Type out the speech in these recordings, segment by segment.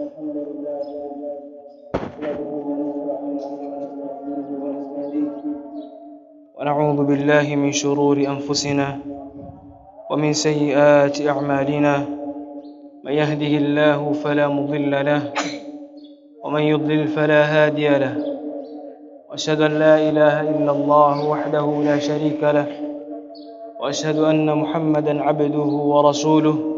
الحمد لله نحمده ونستعينه ونعوذ بالله من شرور انفسنا ومن سيئات اعمالنا من يهده الله فلا مضل له ومن يضلل فلا هادي له واشهد ان لا اله الا الله وحده لا شريك له واشهد ان محمدا عبده ورسوله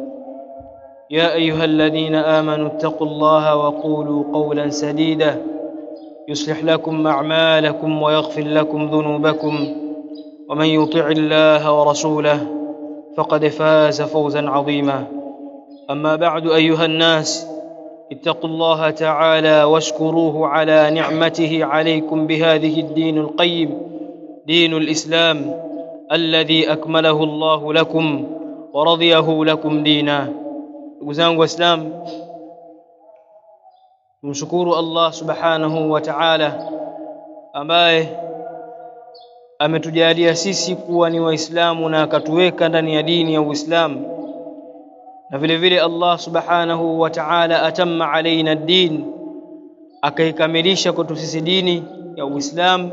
يا ايها الذين امنوا اتقوا الله وقولوا قولا سديدا يصلح لكم اعمالكم ويغفر لكم ذنوبكم ومن يطع الله ورسوله فقد فاز فوزا عظيما اما بعد ايها الناس اتقوا الله تعالى واشكروه على نعمته عليكم بهذه الدين القيم دين الاسلام الذي اكمله الله لكم ورضيه لكم دينا ndugu zangu waislamu tumshukuru allah subhanahu wa taala ambaye ametujalia sisi kuwa ni waislamu na akatuweka ndani ya dini ya uislamu na vile vile allah subhanahu wa taala atamma alaina din akaikamilisha kwetu sisi dini ya uislamu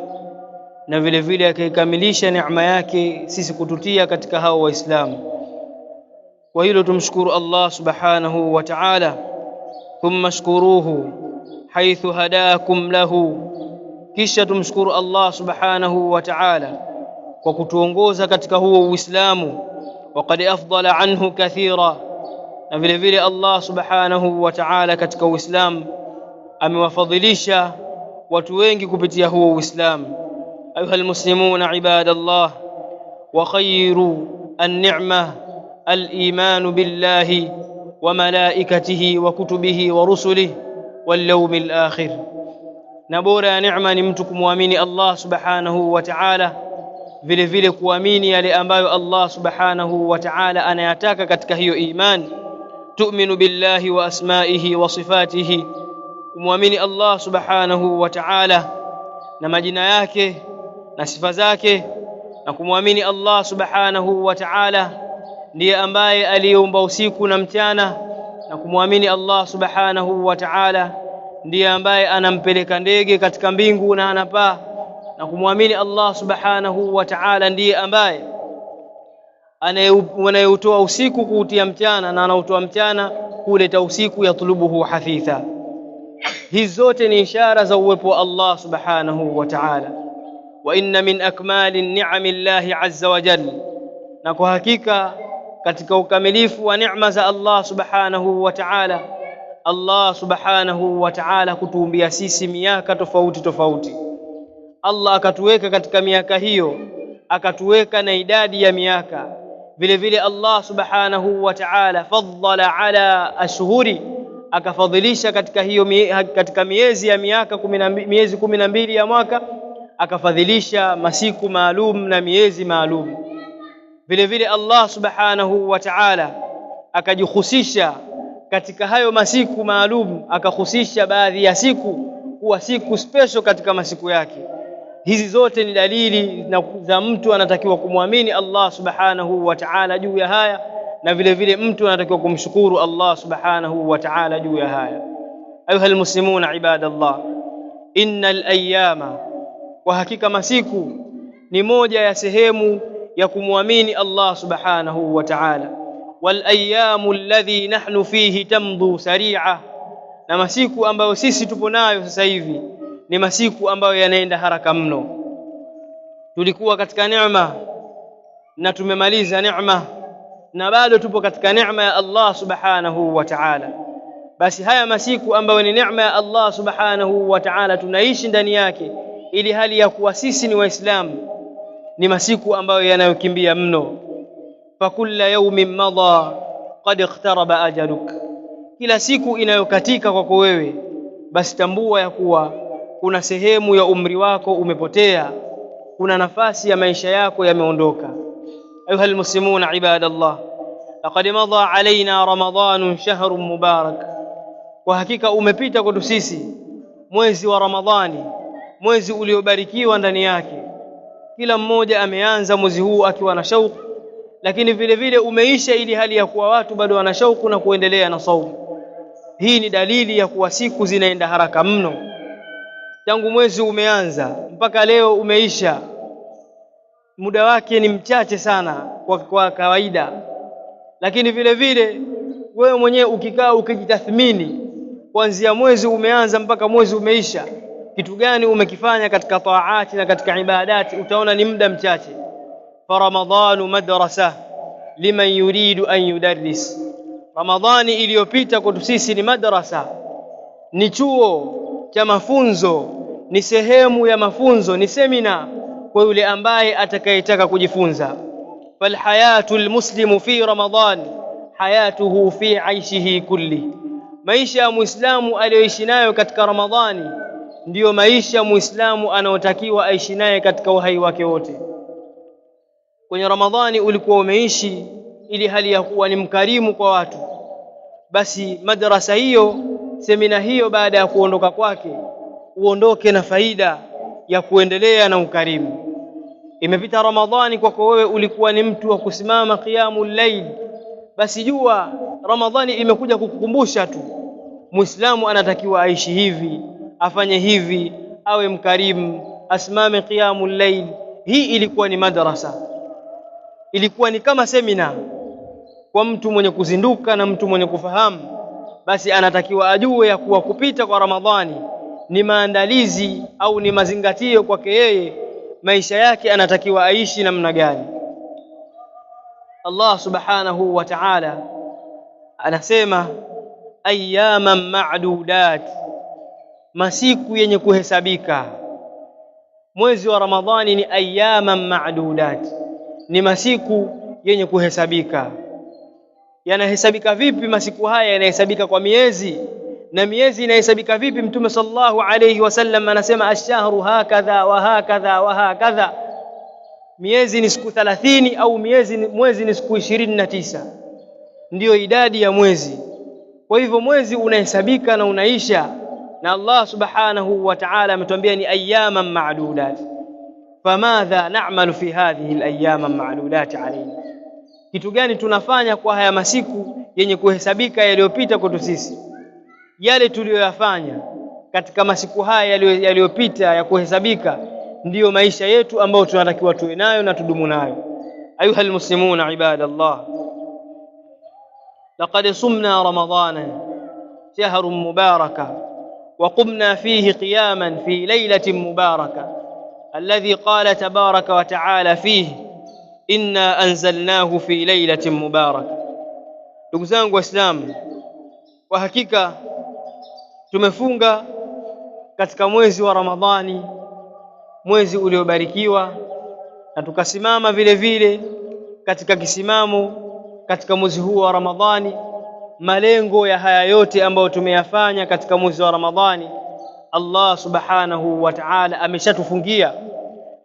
na vile vile akaikamilisha neema yake sisi kututia katika hao waislamu وهلو تمشكر الله سبحانه وتعالى ثم اشكروه حيث هداكم له كيش تمشكر الله سبحانه وتعالى وكتونغوزا كتك هو الإسلام وقد أفضل عنه كثيرا نفل فيل الله سبحانه وتعالى كتك هو الإسلام أم وفضليشا وتوينك كبتيا هو الإسلام أيها المسلمون عباد الله وخيروا النعمة الإيمان بالله وملائكته وكتبه ورسله واليوم الآخر نبورا نعمة نمتكم واميني الله سبحانه وتعالى vile vile kuamini yale ambayo Allah subhanahu wa ta'ala anayataka katika hiyo imani tu'minu billahi wa asma'ihi wa sifatihi kumwamini Allah subhanahu wa ta'ala na majina yake na sifa zake na kumwamini Allah subhanahu wa ta'ala ndiye ambaye aliyeumba usiku na mchana na kumwamini Allah subhanahu wa ta'ala, ndiye ambaye anampeleka ndege katika mbingu na anapaa na kumwamini Allah subhanahu wa ta'ala, ndiye ambaye anayeutoa usiku kuutia mchana na anautoa mchana kuleta usiku, yatlubuhu hafitha. Hizi zote ni ishara za uwepo wa Allah subhanahu wa ta'ala. Wa inna min akmali ni'ami llahi azza wa jalla, na kwa hakika katika ukamilifu wa neema za Allah subhanahu wa ta'ala. Allah subhanahu wa ta'ala kutuumbia sisi miaka tofauti tofauti. Allah akatuweka katika miaka hiyo, akatuweka na idadi ya miaka. Vile vile Allah subhanahu wa ta'ala faddala ala ashhuri, akafadhilisha katika hiyo katika miezi ya miaka miezi kumi na mbili ya mwaka akafadhilisha masiku maalum na miezi maalum vile vile Allah subhanahu wa ta'ala akajihusisha katika hayo masiku maalum, akahusisha baadhi ya siku kuwa siku special katika masiku yake. Hizi zote ni dalili za mtu anatakiwa kumwamini Allah subhanahu wa ta'ala juu ya haya, na vile vile mtu anatakiwa kumshukuru Allah subhanahu wa ta'ala juu ya haya. Ayuha almuslimuna ibadallah, innal ayyama, kwa hakika masiku ni moja ya sehemu ya kumwamini Allah subhanahu wa ta'ala. Wal ayamu alladhi nahnu fihi tamdhu sari'a, na masiku ambayo sisi tupo nayo sasa hivi ni masiku ambayo yanaenda haraka mno. Tulikuwa katika neema na tumemaliza neema na bado tupo katika neema ya Allah subhanahu wa ta'ala. Basi haya masiku ambayo ni neema ya Allah subhanahu wa ta'ala tunaishi ndani yake, ili hali ya kuwa sisi ni Waislamu ni masiku ambayo yanayokimbia mno. kulla yawmin madha qad iqtaraba ajaluk, kila siku inayokatika kwako wewe, basi tambua ya kuwa kuna sehemu ya umri wako umepotea, kuna nafasi ya maisha yako yameondoka. Ayuha lmuslimuna ibadallah, laqad madha alaina ramadanun shahrun mubarak, kwa hakika umepita kwetu sisi mwezi wa Ramadhani, mwezi uliobarikiwa ndani yake kila mmoja ameanza mwezi huu akiwa na shauku, lakini vile vile umeisha ili hali ya kuwa watu bado wana shauku na kuendelea na saumu. Hii ni dalili ya kuwa siku zinaenda haraka mno. Tangu mwezi umeanza mpaka leo umeisha, muda wake ni mchache sana kwa, kwa kawaida. Lakini vile vile wewe mwenyewe ukikaa ukijitathmini, kuanzia mwezi umeanza mpaka mwezi umeisha kitu gani umekifanya katika taati na katika ibadati, utaona ni muda mchache. Faramadhanu madrasa liman yuridu an yudarris, Ramadhani iliyopita kwetu sisi ni madrasa, ni chuo cha mafunzo, ni sehemu ya mafunzo, ni semina kwa yule ambaye atakayetaka kujifunza. Falhayatu lmuslimu fi Ramadhan hayatuhu fi aishihi kulli, maisha ya muislamu aliyoishi nayo katika Ramadhani ndiyo maisha muislamu anayotakiwa aishi naye katika uhai wake wote. Kwenye Ramadhani ulikuwa umeishi ili hali ya kuwa ni mkarimu kwa watu, basi madrasa hiyo, semina hiyo, baada ya kuondoka kwake uondoke na faida ya kuendelea na ukarimu. Imepita Ramadhani kwako wewe, ulikuwa ni mtu wa kusimama qiyamu layl, basi jua Ramadhani imekuja kukukumbusha tu. Muislamu anatakiwa aishi hivi afanye hivi, awe mkarimu, asimame qiyamu llail. Hii ilikuwa ni madrasa, ilikuwa ni kama semina kwa mtu mwenye kuzinduka na mtu mwenye kufahamu, basi anatakiwa ajue ya kuwa kupita kwa Ramadhani ni maandalizi au ni mazingatio kwake yeye, maisha yake anatakiwa aishi namna gani. Allah subhanahu wa ta'ala anasema ayyaman ma'dudat masiku yenye kuhesabika. Mwezi wa Ramadhani ni ayyaman ma'dudat, ni masiku yenye kuhesabika. Yanahesabika vipi masiku haya? Yanahesabika kwa miezi, na miezi inahesabika vipi? Mtume sallallahu alayhi wasallam anasema ashahru hakadha wa hakadha wa hakadha, miezi ni siku 30 au miezi mwezi ni siku 29, ndiyo idadi ya mwezi. Kwa hivyo mwezi unahesabika na unaisha na Allah subhanahu wa ta'ala ametuambia ni ayyaman ma'dudat, famadha na'malu fi hadhihi al-ayyaman ma'dudat alayna, kitu gani tunafanya kwa haya masiku yenye kuhesabika yaliyopita kwetu sisi, yale tuliyoyafanya katika masiku haya yaliyopita ya kuhesabika, ndiyo maisha yetu ambayo tunatakiwa tuwe nayo na tudumu nayo. Ayuha almuslimuna ibadallah, laqad sumna ramadana shahrun mubaraka وقمنا فيه قياما في ليله مباركه الذي قال تبارك وتعالى فيه انا انزلناه في ليله مباركه ndugu zangu waislamu kwa hakika tumefunga katika mwezi wa ramadhani mwezi uliobarikiwa na tukasimama vile vile katika kisimamo katika mwezi huu wa ramadhani malengo ya haya yote ambayo tumeyafanya katika mwezi wa Ramadhani, Allah subhanahu wa ta'ala ameshatufungia,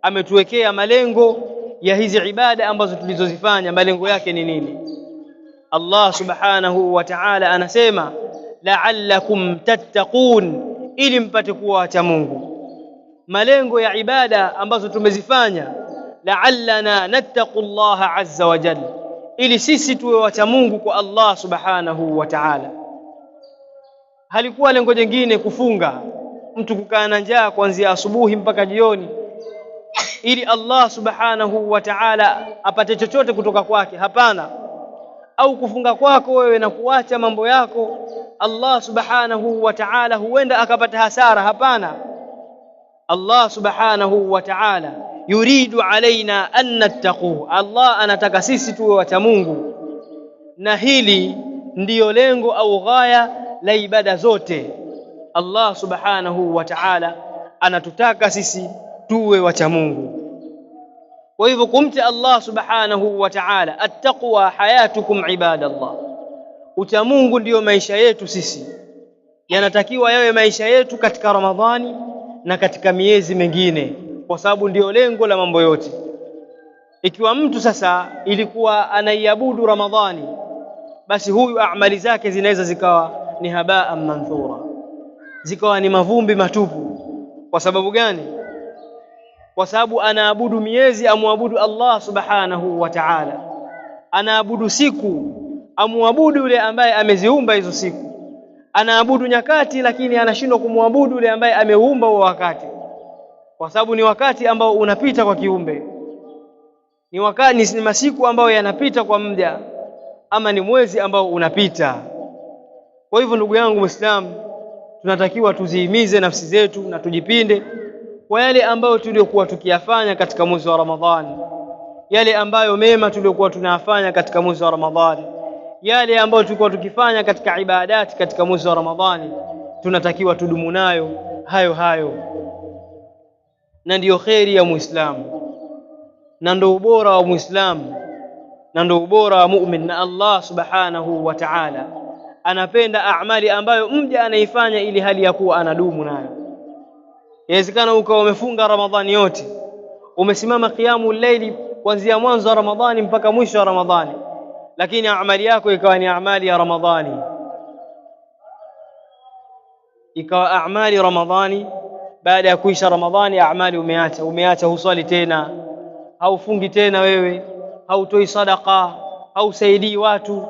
ametuwekea malengo ya hizi ibada ambazo tulizozifanya. Malengo yake ni nini? Allah subhanahu wa ta'ala anasema la'allakum tattaqun, ili mpate kuwa wacha Mungu. Malengo ya ibada ambazo tumezifanya, la'allana nattaqullaha azza wa jalla ili sisi tuwe wacha Mungu kwa Allah subhanahu wa ta'ala. Halikuwa lengo jingine kufunga mtu kukaa na njaa kuanzia asubuhi mpaka jioni, ili Allah subhanahu wa ta'ala apate chochote kutoka kwake. Hapana, au kufunga kwako wewe na kuacha mambo yako, Allah subhanahu wa ta'ala huenda akapata hasara. Hapana, Allah subhanahu wa ta'ala yuridu alaina an nattaquhu, Allah anataka sisi tuwe wacha Mungu, na hili ndiyo lengo au ghaya la ibada zote. Allah subhanahu wa ta'ala anatutaka sisi tuwe wacha Mungu. Kwa hivyo kumcha Allah subhanahu wa ta'ala, attaqwa hayatukum Allah, ucha Mungu ndiyo maisha yetu sisi, yanatakiwa yawe maisha yetu katika Ramadhani na katika miezi mingine kwa sababu ndiyo lengo la mambo yote. Ikiwa mtu sasa ilikuwa anaiabudu Ramadhani, basi huyu amali zake zinaweza zikawa ni habaa manthura, zikawa ni mavumbi matupu. Kwa sababu gani? Kwa sababu anaabudu miezi, amwabudu Allah subhanahu wa ta'ala, anaabudu siku, amwabudu yule ambaye ameziumba hizo siku, anaabudu nyakati, lakini anashindwa kumwabudu yule ambaye ameumba huo wakati kwa sababu ni wakati ambao unapita kwa kiumbe, ni wakati, ni masiku ambayo yanapita kwa mja, ama ni mwezi ambao unapita. Kwa hivyo, ndugu yangu Muislamu, tunatakiwa tuzihimize nafsi zetu na tujipinde kwa yale ambayo tuliyokuwa tukiyafanya katika mwezi wa Ramadhani, yale ambayo mema tuliyokuwa tunayafanya katika mwezi wa Ramadhani, yale ambayo tulikuwa tukifanya katika ibadati katika mwezi wa Ramadhani, tunatakiwa tudumu nayo hayo hayo na ndiyo kheri ya mwislamu na ndo ubora wa mwislamu na ndo ubora wa mumin, na Allah subhanahu wa ta'ala anapenda amali ambayo mja anaifanya ili hali ya kuwa anadumu nayo. Yawezekana ukawa umefunga Ramadhani yote, umesimama qiamu laili kuanzia mwanzo wa Ramadhani mpaka mwisho wa Ramadhani, lakini amali yako ikawa ni amali ya Ramadhani, ikawa amali Ramadhani baada ya kuisha Ramadhani amali umeacha, umeacha huswali tena, haufungi tena, wewe hautoi sadaka, hausaidii watu.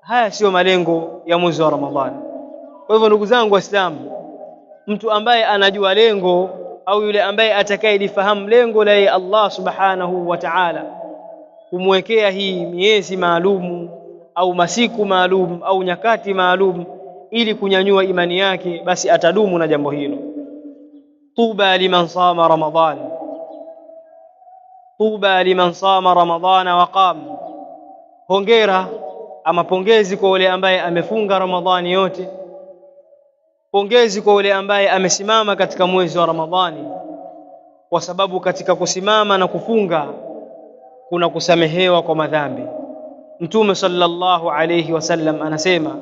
Haya siyo malengo ya mwezi wa Ramadhani. Kwa hivyo, ndugu zangu Waislamu, mtu ambaye anajua lengo au yule ambaye atakayelifahamu lengo la Allah subhanahu wa ta'ala kumwekea hii miezi maalum au masiku maalum au nyakati maalum ili kunyanyua imani yake, basi atadumu na jambo hilo. طوبى لمن صام رمضان طوبى liman sama ramadhana waqam, hongera ama pongezi kwa yule ambaye amefunga Ramadhani yote, pongezi kwa yule ambaye amesimama katika mwezi wa Ramadhani, kwa sababu katika kusimama na kufunga kuna kusamehewa kwa madhambi. Mtume sallallahu alayhi wasallam anasema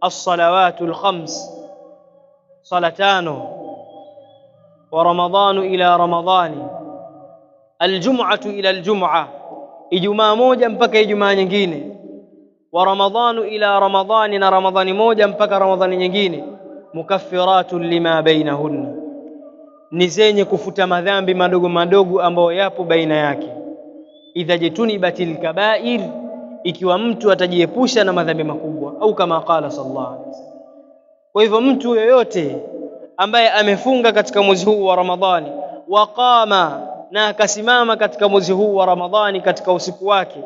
as-salawatu al-khams, sala tano waramadhanu ila ramadhani, aljum'atu ila aljum'a, ijumaa moja mpaka ijumaa nyingine, wa ramadhanu ila ramadhani, na ramadhani moja mpaka ramadhani nyingine. Mukaffiratun lima bainahunna, ni zenye kufuta madhambi madogo madogo ambayo yapo baina yake. Idha jitunibatil kabair, ikiwa mtu atajiepusha na madhambi makubwa, au kama qala sallallahu alaihi wasallam. Kwa hivyo mtu yoyote ambaye amefunga katika mwezi huu wa Ramadhani, waqama na akasimama katika mwezi huu wa Ramadhani katika usiku wake,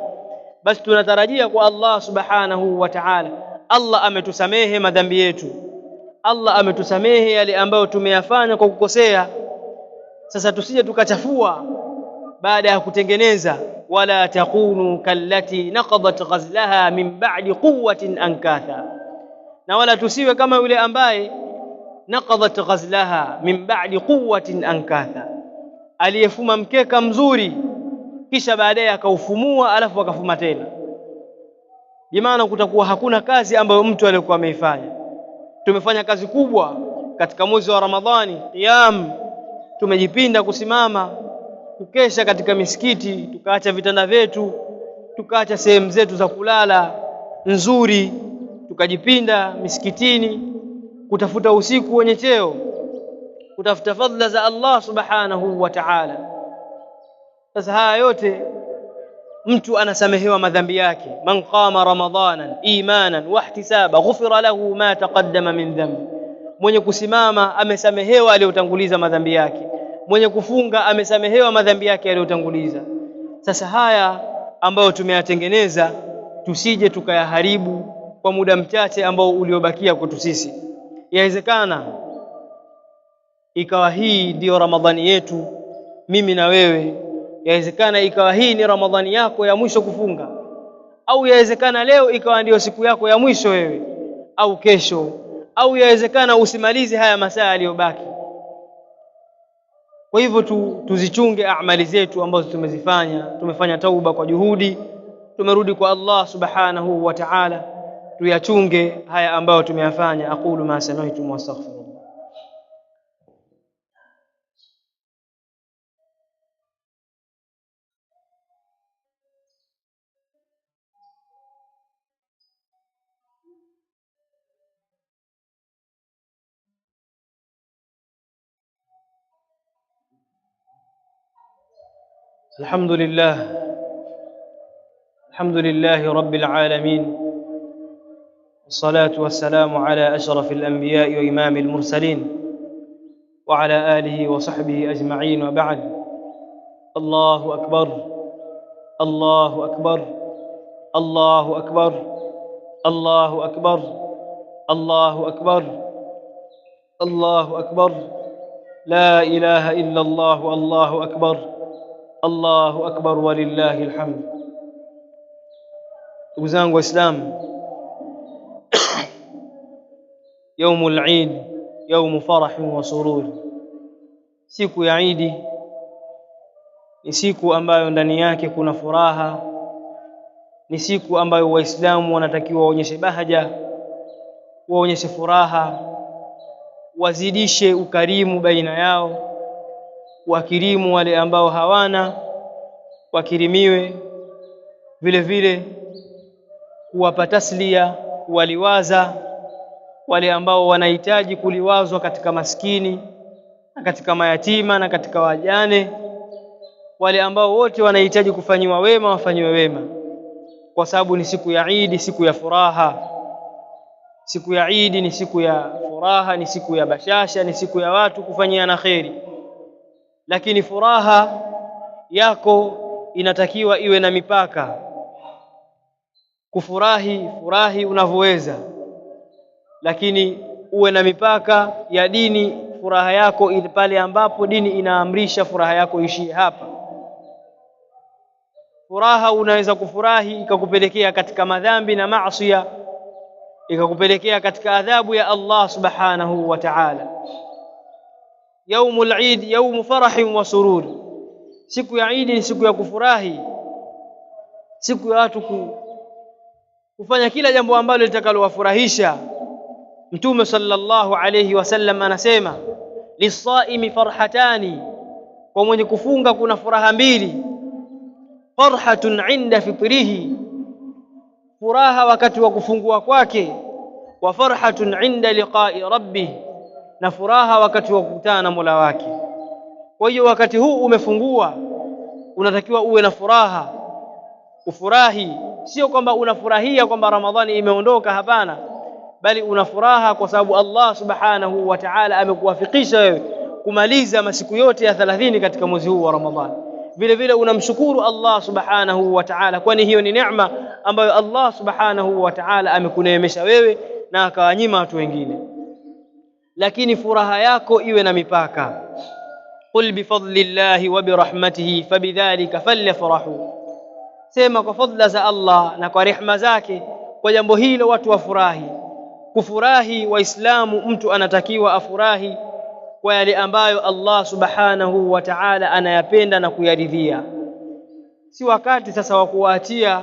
basi tunatarajia kwa Allah subhanahu wa ta'ala, Allah ametusamehe madhambi yetu, Allah ametusamehe yale ambayo tumeyafanya kwa kukosea. Sasa tusije tukachafua baada ya kutengeneza, wala takunu kallati naqadat ghazlaha min ba'di quwwatin ankatha, na wala tusiwe kama yule ambaye naqadhat ghazlaha min ba'di quwwatin ankatha, aliyefuma mkeka mzuri kisha baadaye akaufumua alafu akafuma tena. Bimaana kutakuwa hakuna kazi ambayo mtu aliyokuwa ameifanya. Tumefanya kazi kubwa katika mwezi wa Ramadhani, qiyam, tumejipinda kusimama kukesha katika misikiti, tukaacha vitanda vyetu, tukaacha sehemu zetu za kulala nzuri, tukajipinda misikitini kutafuta usiku wenye cheo, kutafuta fadhila za Allah subhanahu wa ta'ala. Sasa haya yote mtu anasamehewa madhambi yake, man qama ramadhanan imanan wahtisaba ghufira lahu ma taqaddama min dhanbi, mwenye kusimama amesamehewa aliyotanguliza madhambi yake, mwenye kufunga amesamehewa madhambi yake aliyotanguliza. Sasa haya ambayo tumeyatengeneza tusije tukayaharibu kwa muda mchache ambao uliobakia kwetu sisi yawezekana ikawa hii ndiyo Ramadhani yetu mimi na wewe, yawezekana ikawa hii ni Ramadhani yako ya mwisho kufunga, au yawezekana leo ikawa ndiyo siku yako ya mwisho wewe, au kesho, au yawezekana usimalize haya masaa yaliyobaki. Kwa hivyo tu, tuzichunge amali zetu ambazo tumezifanya. Tumefanya tauba kwa juhudi, tumerudi kwa Allah subhanahu wa ta'ala. tuyachunge haya ambayo tumeyafanya aqulu ma sami'tum wastaghfirullah الحمد لله الحمد لله رب العالمين والصلاة والسلام على أشرف الأنبياء وإمام المرسلين وعلى آله وصحبه أجمعين وبعد الله أكبر الله أكبر الله أكبر الله أكبر الله أكبر الله أكبر لا إله إلا الله الله أكبر الله أكبر ولله الحمد وزان وإسلام yaumul Eid yaumu farahin wa sururi, siku ya Idi ni siku ambayo ndani yake kuna furaha, ni siku ambayo Waislamu wanatakiwa waonyeshe bahaja, waonyeshe furaha, wazidishe ukarimu baina yao, wakirimu wale ambao hawana wakirimiwe, vile vile kuwapa taslia kuwaliwaza wale ambao wanahitaji kuliwazwa katika maskini na katika mayatima na katika wajane, wale ambao wote wanahitaji kufanyiwa wema wafanyiwe wema, kwa sababu ni siku ya Idi, siku ya furaha. Siku ya Idi ni siku ya furaha, ni siku ya bashasha, ni siku ya watu kufanyiana kheri, lakini furaha yako inatakiwa iwe na mipaka. Kufurahi furahi unavyoweza, lakini uwe na mipaka ya dini. Furaha yako pale ambapo dini inaamrisha furaha yako ishie hapa. Furaha unaweza kufurahi ikakupelekea katika madhambi na maasi, ikakupelekea katika adhabu ya Allah subhanahu wa ta'ala. Yaumul Eid yaumu farahin wa sururi, siku ya Eid ni siku ya kufurahi, siku ya watu kufanya kila jambo ambalo litakalowafurahisha mtume sallallahu alayhi wasallam anasema lisaimi farhatani kwa mwenye kufunga kuna furaha mbili farhatun inda fitrihi furaha wakati wa kufungua kwake wa farhatun inda liqa'i rabbih na furaha wakati wa kukutana na Mola wake kwa hiyo wakati huu umefungua unatakiwa uwe na furaha kufurahi sio kwamba unafurahia kwamba Ramadhani imeondoka, hapana, bali unafuraha kwa sababu Allah subhanahu wa ta'ala amekuwafikisha wewe kumaliza masiku yote ya 30 katika mwezi huu wa Ramadhani. Vile vile unamshukuru Allah subhanahu wa ta'ala, kwani hiyo ni neema ambayo Allah subhanahu wa ta'ala amekuneemesha wewe na akawanyima watu wengine. Lakini furaha yako iwe na mipaka. Qul bifadlillahi wa birahmatihi fabidhalika falyafrahu sema kwa fadhila za Allah na kwa rehma zake, kwa jambo hilo watu wafurahi. Kufurahi Waislamu, mtu anatakiwa afurahi kwa yale ambayo Allah subhanahu wa ta'ala anayapenda na kuyaridhia. Si wakati sasa wa kuwaachia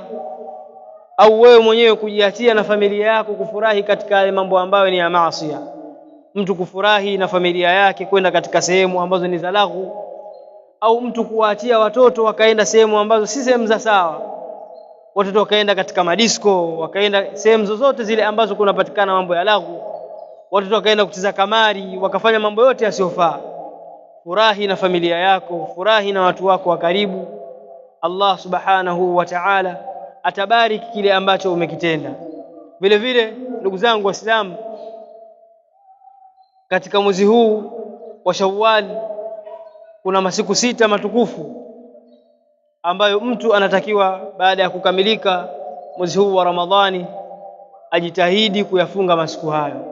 au wewe mwenyewe kujiatia na familia yako kufurahi katika yale mambo ambayo ni ya maasi, mtu kufurahi na familia yake kwenda katika sehemu ambazo ni za laghu au mtu kuwaachia watoto wakaenda sehemu ambazo si sehemu za sawa, watoto wakaenda katika madisko, wakaenda sehemu zozote zile ambazo kunapatikana mambo ya laghu, watoto wakaenda kucheza kamari, wakafanya mambo yote yasiyofaa. Furahi na familia yako, furahi na watu wako wa karibu. Allah subhanahu wa ta'ala atabariki kile ambacho umekitenda. Vile vile, ndugu zangu Waislamu, katika mwezi huu wa Shawwal kuna masiku sita matukufu ambayo mtu anatakiwa baada ya kukamilika mwezi huu wa Ramadhani ajitahidi kuyafunga masiku hayo,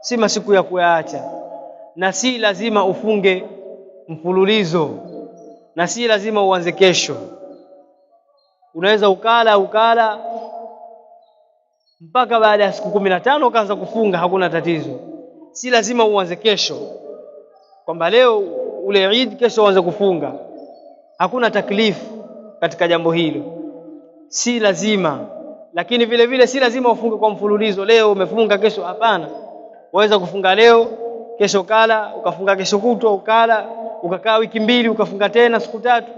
si masiku ya kuyaacha, na si lazima ufunge mfululizo, na si lazima uanze kesho. Unaweza ukala ukala mpaka baada ya siku kumi na tano ukaanza kufunga, hakuna tatizo. Si lazima uanze kesho, kwamba leo ule Eid, kesho uanze kufunga. Hakuna taklifu katika jambo hilo, si lazima. Lakini vile vile si lazima ufunge kwa mfululizo, leo umefunga kesho, hapana. Waweza kufunga leo, kesho kala, ukafunga kesho kutwa ukala, ukakaa wiki mbili, ukafunga tena siku tatu.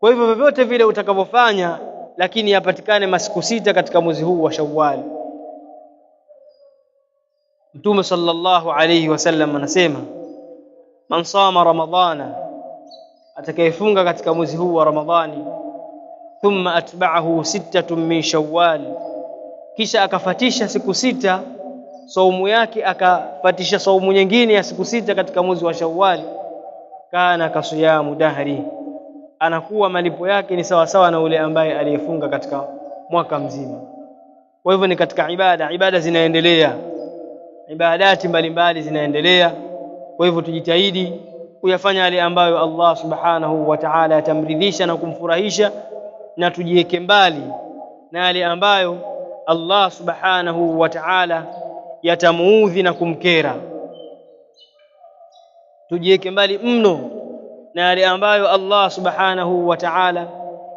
Kwa hivyo vyovyote vile utakavyofanya, lakini yapatikane masiku sita katika mwezi huu wa Shawwal. Mtume sallallahu alayhi wasallam anasema man sama ramadhana, atakayefunga katika mwezi huu wa Ramadhani, thumma atba'ahu sittatun min shawwal, kisha akafatisha siku sita saumu yake, akafatisha saumu nyingine ya siku sita katika mwezi wa Shawwal, kana kasiyamu dahri, anakuwa malipo yake ni sawasawa na ule ambaye aliyefunga katika mwaka mzima. Kwa hivyo ni katika ibada, ibada zinaendelea, ibadati mbalimbali zinaendelea kwa hivyo tujitahidi kuyafanya yale ambayo Allah subhanahu wa ta'ala yatamridhisha na kumfurahisha, na tujiweke mbali na yale ambayo Allah subhanahu wa ta'ala yatamuudhi na kumkera. Tujiweke mbali mno na yale ambayo Allah subhanahu wa ta'ala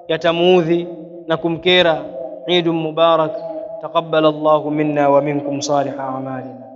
yatamuudhi na kumkera. Eid mubarak, taqabbal Allahu minna wa minkum salih a'malina.